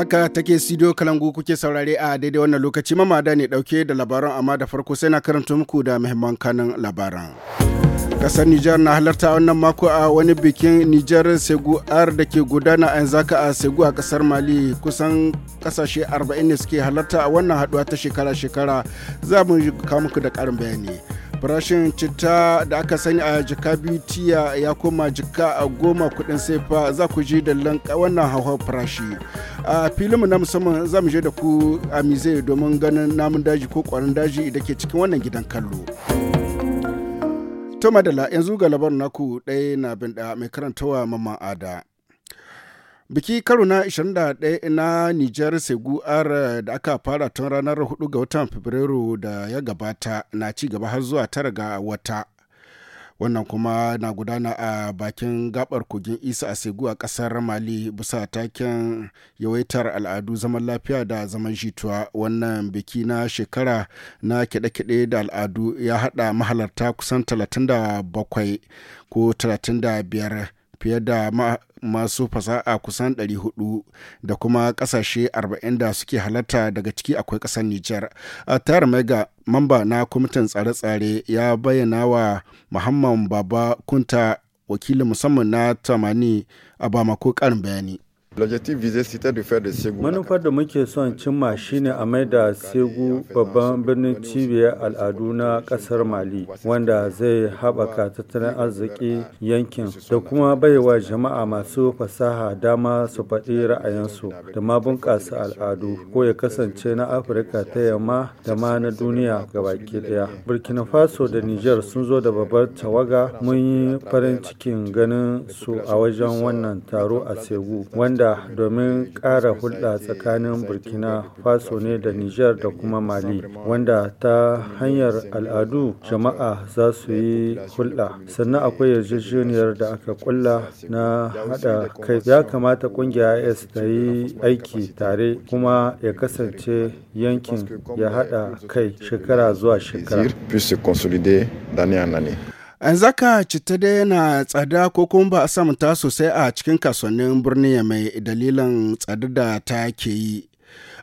Haka take studio Kalangu kuke saurare a daidai wannan lokaci mamada ne dauke da labaran amma da farko sai na karanta muku da muhimman kanin labaran. Kasar Nijar na halarta wannan mako a wani bikin Nijar Segu R da ke gudana a zaka a Segu a kasar Mali kusan kasashe 40 ne suke halarta a wannan haduwa ta shekara-shekara za mu kawo muku da karin bayani. farashin citta da aka sani a jika biyu tiya ya koma jika a goma kudin sefa za ku ji dallan wannan hauhawar farashi a filinmu na musamman za mu je da ku a mize domin ganin namun daji ko kwarin daji da ke cikin wannan gidan kallo to madala yanzu ga labarin naku ɗaya na bin da mai karantawa mamman ada biki karo na 21 na Nijar Segu R da aka fara tun ranar 4 ga watan Fabrairu da ya gabata na ci gaba har zuwa tara ga wata. wannan kuma na gudana a bakin gabar kogin isa a segu a kasar mali bisa taken yawaitar al'adu zaman lafiya da zaman jituwa wannan biki na shekara na kide-kide da al'adu ya hada mahalarta kusan 37 ko 35 fiye da masu fasaha kusan 400 da kuma kasashe 40 da suke halatta daga ciki akwai kasar Nijar. Tayar Mega mamba na kwamitin tsare-tsare ya bayyana wa Muhammad Baba Kunta wakilin musamman na Tamani a Bamako karin bayani. Manufar da muke son cimma shine a maida Segu babban birnin cibiyar al'adu na ƙasar Mali, wanda zai haɓaka tattalin arziki yankin da kuma baiwa jama'a masu fasaha dama su faɗi ra'ayinsu da ma bunƙasa al'adu ko ya kasance na Afirka ta yamma da ma na duniya gabaki ɗaya. Burkina Faso da Nijar sun zo da babbar tawaga mun yi farin cikin ganin su a wajen wannan taro a Segu, wanda agenda domin ƙara hulɗa tsakanin burkina faso ne da niger da kuma mali wanda ta hanyar al'adu jama'a za su yi hulɗa sannan akwai yarjejeniyar da aka kulla na haɗa kai ya kamata ƙungiya is ta yi aiki tare kuma ya kasance yankin ya haɗa kai shekara zuwa shekara An zaka citta dai yana tsada ko kuma ba a samunta sosai a cikin kasuwannin birnin mai dalilan tsada da ta ke yi.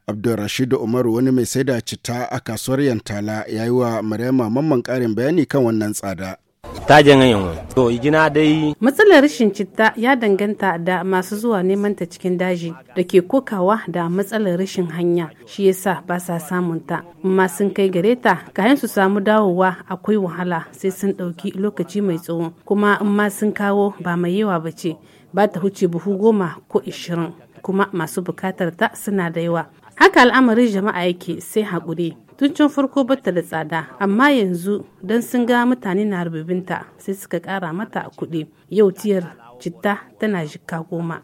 Abdulrashidu Umaru wani mai sai da citta a kasuwar Yantala ya yi wa Maryama mamman ƙarin bayani kan wannan tsada. ta jangan to gina dai matsalar rashin citta ya danganta da masu zuwa neman ta cikin daji da ke kokawa da matsalar rashin hanya shi yasa ba sa samun ta amma sun kai gare ta kayan su samu dawowa akwai wahala sai sun ɗauki lokaci mai tsawo kuma in ma sun kawo ba mai yawa ba ce ba ta huce buhu goma ko ishirin kuma masu bukatar ta suna da yawa haka al'amarin jama'a yake sai haƙuri tun can farko bata da tsada amma yanzu don sun ga mutane na rububinta sai suka kara mata a kuɗi yau tiyar citta tana jikka goma.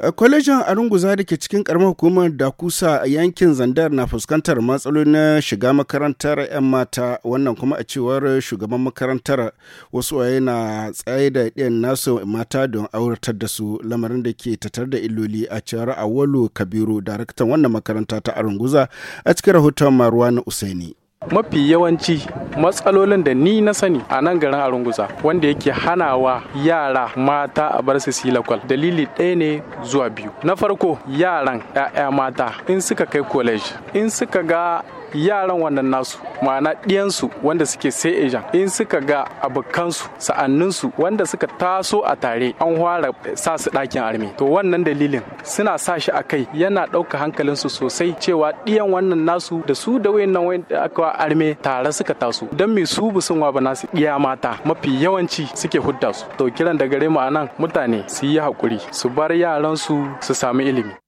Eh, kwalejin Arunguza da ke cikin karamar hukumar Dakusa a yankin Zandar na fuskantar matsaloli na shiga makarantar 'yan mata wannan kuma a cewar shugaban makarantar wasu waye na tsaye da ɗin nasu mata don auratar da su lamarin da ke tattar da illoli a cewar Awalu Kabiru daraktan wannan makaranta ta Arunguza a cikin rahoton maruwa na Usaini. mafi yawanci matsalolin da ni na sani a nan garin arunguza wanda yake hanawa yara mata a bar su silakwal dalili ɗaya ne zuwa biyu na farko yaran 'ya'ya mata in suka kai college in suka ga yaran wannan nasu ma'ana ɗiyansu wanda suke sai ejan in suka ga abokansu sa'anninsu wanda suka taso a tare an fara sa su ɗakin arme to wannan dalilin suna sa shi a kai yana ɗauka hankalinsu sosai cewa ɗiyan wannan nasu da su da wayannan wanda aka arme tare suka taso don me su bu sun ba nasu ɗiya mata mafi yawanci suke hudda su to kiran da gare mu anan mutane su yi hakuri su bar yaransu su su sami ilimi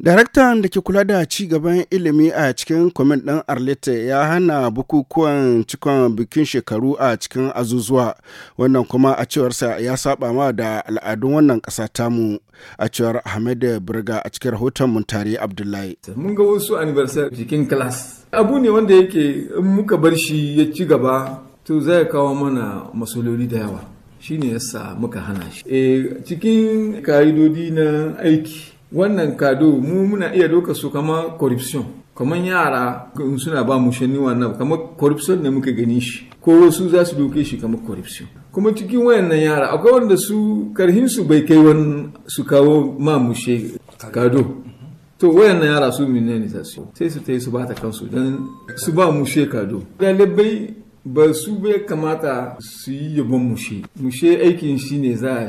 Daraktan da ke kula da ci gaban ilimi a cikin kwamit ɗin Arlete ya hana bukukuwan cikon bikin shekaru a cikin azuzuwa, wannan kuma a cewarsa ya saba ma da al'adun wannan ƙasa tamu a cewar Ahmed Birga a cikin rahoton Muntari Abdullahi. Mun ga wasu anniversary cikin class. Abu ne wanda yake in muka bar shi ya ci gaba to zai kawo mana masololi da yawa. Shi ne yasa muka hana shi. Eh, cikin ka'idodi na aiki wannan kado mu muna iya doka su kama corruption kamar yara suna ba mu shani wannan kamar corruption ne muka gani shi ko wasu za su doke shi kamar corruption kuma cikin wayannan yara akwai wanda su karhin su bai kai wani su kawo ma she kado to wayannan yara su minne ne za su sai su ta yi su ta kansu don su ba mushe kado ɗalibai ba su bai kamata su yi yabon mushe mushe aikin shi ne za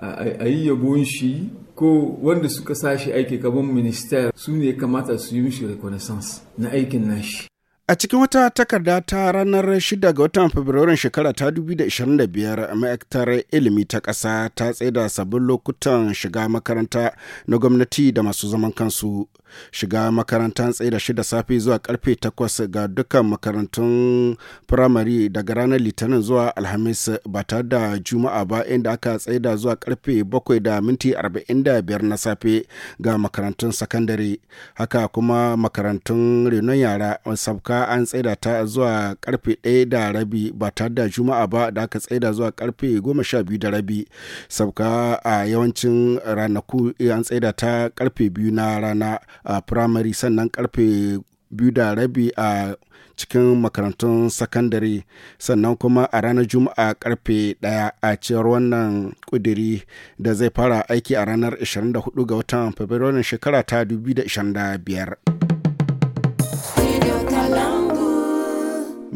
a yi yabon shi ko wanda suka sashi aiki kamar minister su ne kamata su yi mishi reconnaissance na aikin nashi A cikin wata takarda ta ranar 6 ga watan Fabrairun shekara ta 2025 ma'aikatar ilimi ta ƙasa ta tsaida sabbin lokutan shiga makaranta na gwamnati da masu zaman kansu. Shiga makaranta tsaida shida safe zuwa karfe 8 ga dukkan makarantun firamare daga ranar Litinin zuwa Alhamis ba tare da Juma'a ba inda aka tsaida zuwa karfe 7 da minti 45 na safe ga makarantun sakandare. Haka kuma makarantun renon yara sabka juma'a an tsaida ta zuwa karfe ɗaya da rabi ba tare da juma'a ba da aka tsaida zuwa karfe goma sha biyu da rabi sabka a yawancin ranaku eh, an tsaida ta karfe biyu na rana a firamare sannan karfe biyu da rabi a cikin makarantun sakandare sannan kuma a ranar juma'a karfe daya a cewar wannan kudiri da zai fara aiki a ranar 24 ga watan fabrairu shekara ta 2025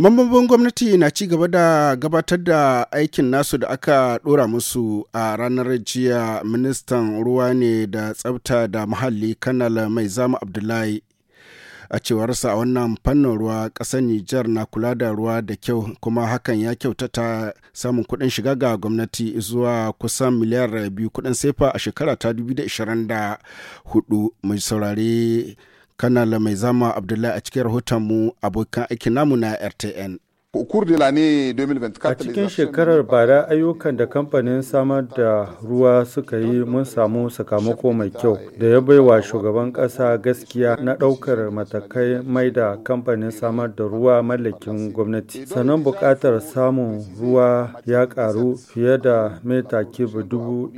Mambobin gwamnati na ci gaba da gabatar da aikin nasu da aka dora musu a ranar jiya ministan ruwa ne da tsabta da muhalli kanal mai zama Abdullahi. A cewarsa a wannan fannin ruwa ƙasar Nijar na kula da ruwa da kyau kuma hakan ya kyautata samun kuɗin shiga ga gwamnati zuwa kusan miliyar biyu kuɗin sefa a shekara ta 2024 mai saurari. la mai zama abdullahi a cikin rahoton mu abokan aikin namu na rtn A cikin shekarar bara ayyukan da kamfanin samar da ruwa suka yi mun samu sakamako mai kyau da ya bai wa shugaban ƙasa gaskiya na ɗaukar matakai mai da kamfanin samar da ruwa mallakin gwamnati. Sannan buƙatar samun ruwa ya ƙaru fiye da mita kib dubu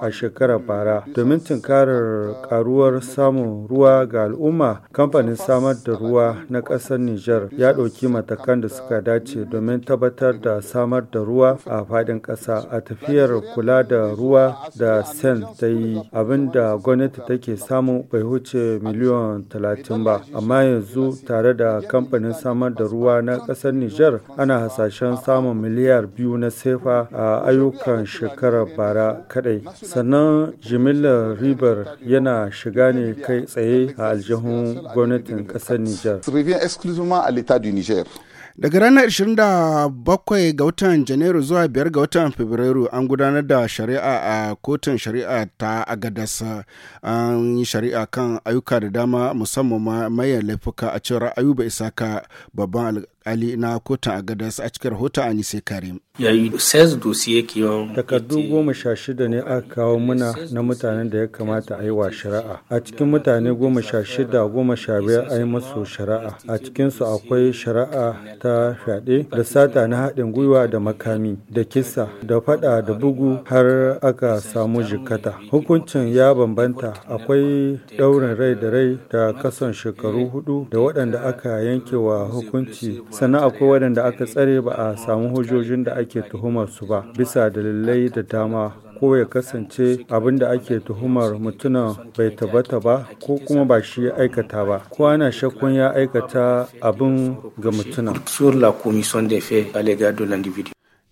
a shekarar bara. Domin tunkarar karuwar samun ruwa ga al'umma, kamfanin samar da ruwa na ƙasar Nijar ya ɗauki matakai matakan da suka dace domin tabbatar da samar da ruwa a faɗin ƙasa a tafiyar kula da ruwa da sen ta yi abinda gwamnati take samu bai huce miliyon talatin ba amma yanzu tare da kamfanin samar da ruwa na ƙasar Nijar ana hasashen samun miliyar biyu na sefa a ayyukan shekarar bara kadai sannan jimillar ribar yana shiga ne kai tsaye a aljihun gwamnatin ƙasar Nijar. daga ranar 27 ga watan janairu zuwa 5 ga watan fabrairu an gudanar da shari'a a kotun shari'a ta agadas an yi shari'a kan ayuka da dama musamman mayan laifuka a cewar ayuba isaka babban Ali na kotun a gadas a cikin rahoton Anise Karim. Takardu goma sha shida ne aka kawo muna na mutanen da ya kamata a yi wa shari'a. A cikin mutane goma sha shida goma sha biyar a yi masu shari'a. A cikinsu akwai shari'a ta fyaɗe da sata na haɗin gwiwa da makami da kisa da faɗa da bugu har aka samu jikata. Hukuncin ya bambanta akwai ɗaurin rai da rai da kasan shekaru hudu da waɗanda aka yanke wa hukunci sannan akwai waɗanda aka tsare ba a samu hujjojin da ake tuhumar su ba bisa dalilai da dama ko ya kasance abin da ake tuhumar mutumin bai tabbata ba ko kuma ba shi ya aikata ba ko ana shakkun ya aikata abin ga mutumin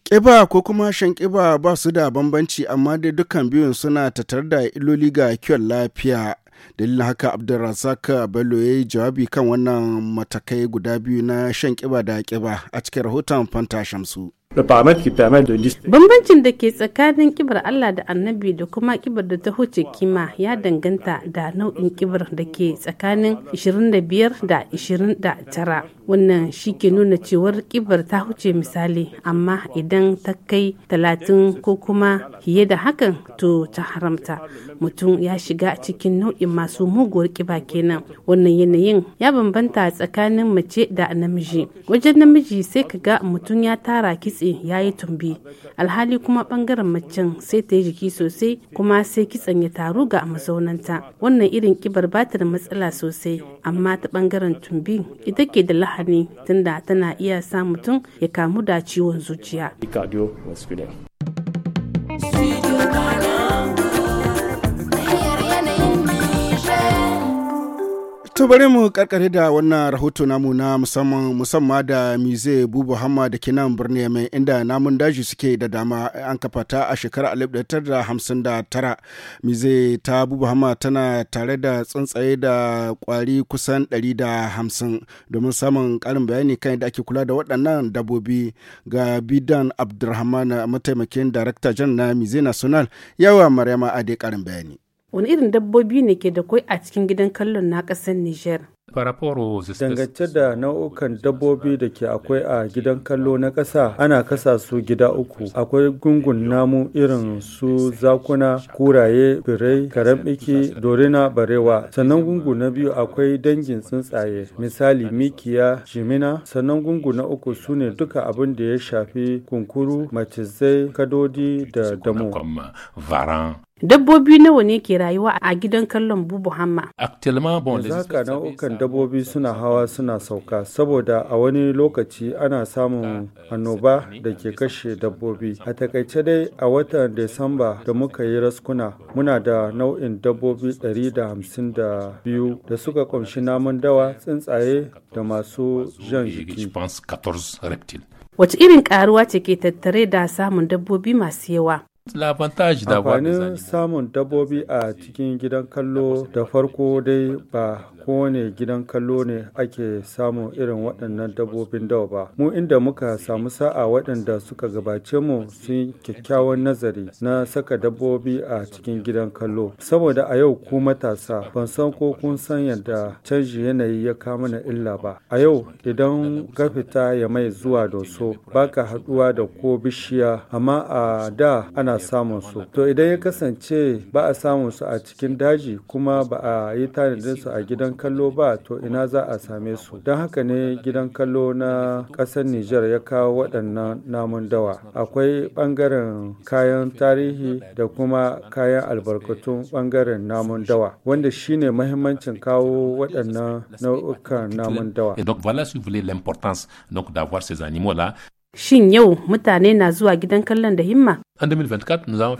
ƙiba ko kuma shan ƙiba ba su da bambanci amma dai dukkan biyun suna tattare da iloli ga kiwon lafiya dalilin haka abdulrazak bello ya yi jawabi kan wannan matakai guda biyu na shan kiba da kiba a cikin rahoton fanta shamsu Bambancin da ke tsakanin kibar Allah da annabi da kuma kibar da ta huce kima ya danganta da nau'in kibar da ke tsakanin 25 da 29. Wannan shi ke nuna cewar kibar ta huce misali amma idan ta kai 30 ko kuma fiye da hakan to ta haramta. Mutum ya shiga cikin nau'in masu muguwar kiba kenan. Wannan yanayin ya bambanta tsakanin mace da namiji. Wajen namiji sai ka ga mutum ya tara kitse dutse ya yi tumbi alhali kuma bangaren macen sai ta yi jiki sosai kuma sai kitsan ya taru ga mazaunanta wannan irin kibar ba ta da matsala sosai amma ta bangaren tumbi ita ke da lahani tunda tana iya sa mutum ya kamu da ciwon zuciya. To bari mu karkare da wannan rahoto namu na musamman musamman da Mize Bubu Hamma da ke nan birni mai inda namun daji suke da dama an kafa ta a shekarar 1959. Mize ta Bubu Hamma tana tare da tsuntsaye da kwari kusan 150 domin samun karin bayani kan yadda ake kula da waɗannan dabbobi ga Bidan Abdulrahman mataimakin darakta jan na Mize National yawa Maryama Ade karin bayani. wani irin dabbobi ne ke da kwai a cikin gidan kallon na ƙasar Nijar. Dangance da nau'ukan dabbobi da ke akwai a gidan kallo na ƙasa ana kasa su gida uku. Akwai gungun namu irin su zakuna, kuraye, birai, karambiki, dorina, barewa. Sannan gungu na biyu akwai dangin tsuntsaye, misali mikiya, jimina. Sannan gungu na uku su ne duka abin da ya shafi kunkuru, macizai, kadodi da damo. dabbobi nawa ne ke rayuwa a gidan kallon bubu hamma zaka nau'ukan dabbobi suna hawa suna sauka saboda a wani lokaci ana samun ah, euh, annoba da ke kashe dabbobi a takaice dai a watan desamba da muka yi raskuna muna da nau'in dabbobi 152 da suka kunshi namun dawa tsuntsaye da masu jan jiki wace irin karuwa ce ke tattare da samun dabbobi masu yawa amfanin samun dabbobi a cikin gidan kallo da farko dai ba kowane gidan kallo ne ake samun irin waɗannan dabbobin dawa ba mu inda muka samu sa'a waɗanda suka gabace mu sun kyakkyawan nazari na saka dabbobi a cikin gidan kallo saboda a yau ku matasa ban san ko kun san yadda canji yanayi ya kama na illa ba a yau idan ka fita ya mai zuwa doso baka haɗuwa da ko bishiya amma a da ana ana samun su to idan ya kasance ba a samun su a cikin daji kuma ba a yi tanadin su a gidan kallo ba to ina za a same su don haka ne gidan kallo na ƙasar Nijar ya kawo waɗannan namun dawa akwai ɓangaren kayan tarihi da kuma kayan albarkatun ɓangaren namun dawa wanda shine mahimmancin kawo waɗannan nau'ukan namun dawa. Et donc Shin yau mutane na zuwa gidan kallon da himma? A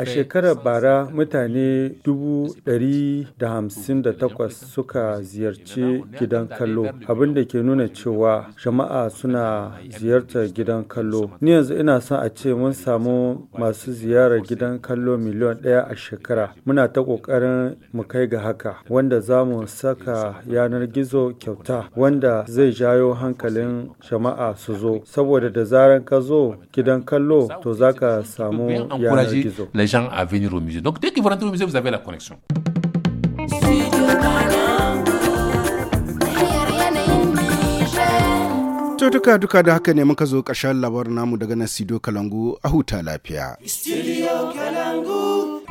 shekarar bara mutane 158 suka ziyarci gidan kallo, abin da ke nuna cewa jama'a suna ziyartar gidan kallo. Ni yanzu ina son a ce mun samu masu ziyarar gidan kallo miliyan ɗaya a shekara. Muna ta ƙoƙarin mu kai ga haka, wanda za mu saka yanar gizo kyauta, wanda zai jayo hankalin jama'a su zo, saboda da zarar idan ka zo gidan kallo to za ka samu yanar gizo. vous duka da haka ne muka zo ƙarshen labarin namu daga nan Sido Kalangu a huta lafiya. Studio Kalangu.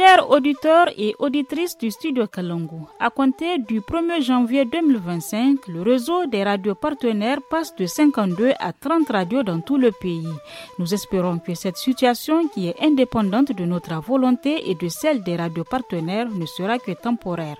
Chers auditeurs et auditrices du studio Kalongo, à compter du 1er janvier 2025, le réseau des radios partenaires passe de 52 à 30 radios dans tout le pays. Nous espérons que cette situation, qui est indépendante de notre volonté et de celle des radios partenaires, ne sera que temporaire.